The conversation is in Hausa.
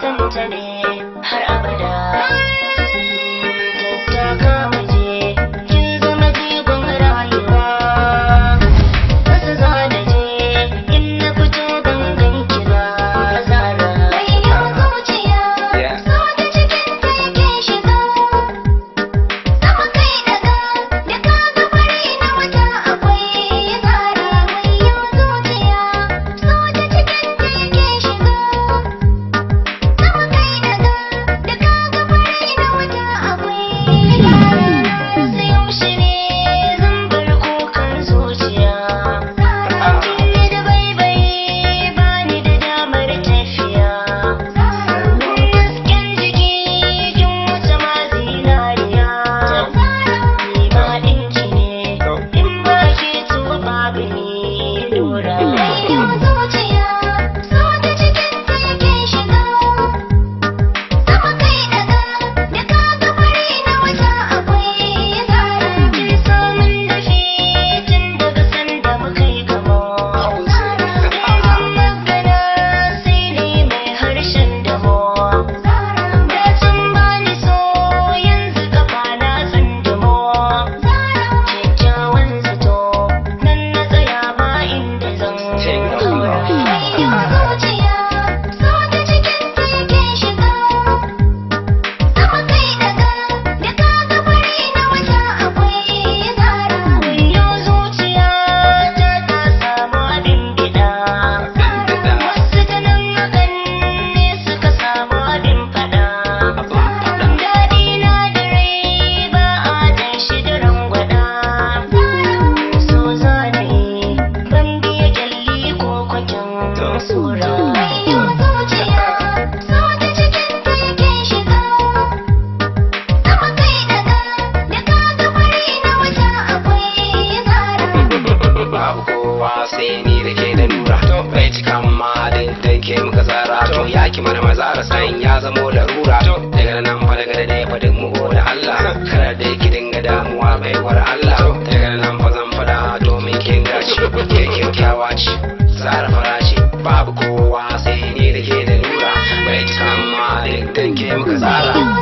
san ta ne sai ni da ke da nura to bai cika ma da ke muka tsara to ya mana maza da san ya zamo larura to daga nan fa daga dai fa duk mu da Allah kada dai ki dinga damuwa bai war Allah daga nan fa zan fada domin kin gashi ke kyakkyawa ce tsara farashi babu kowa sai ni da ke da nura bai cika ma da ke muka tsara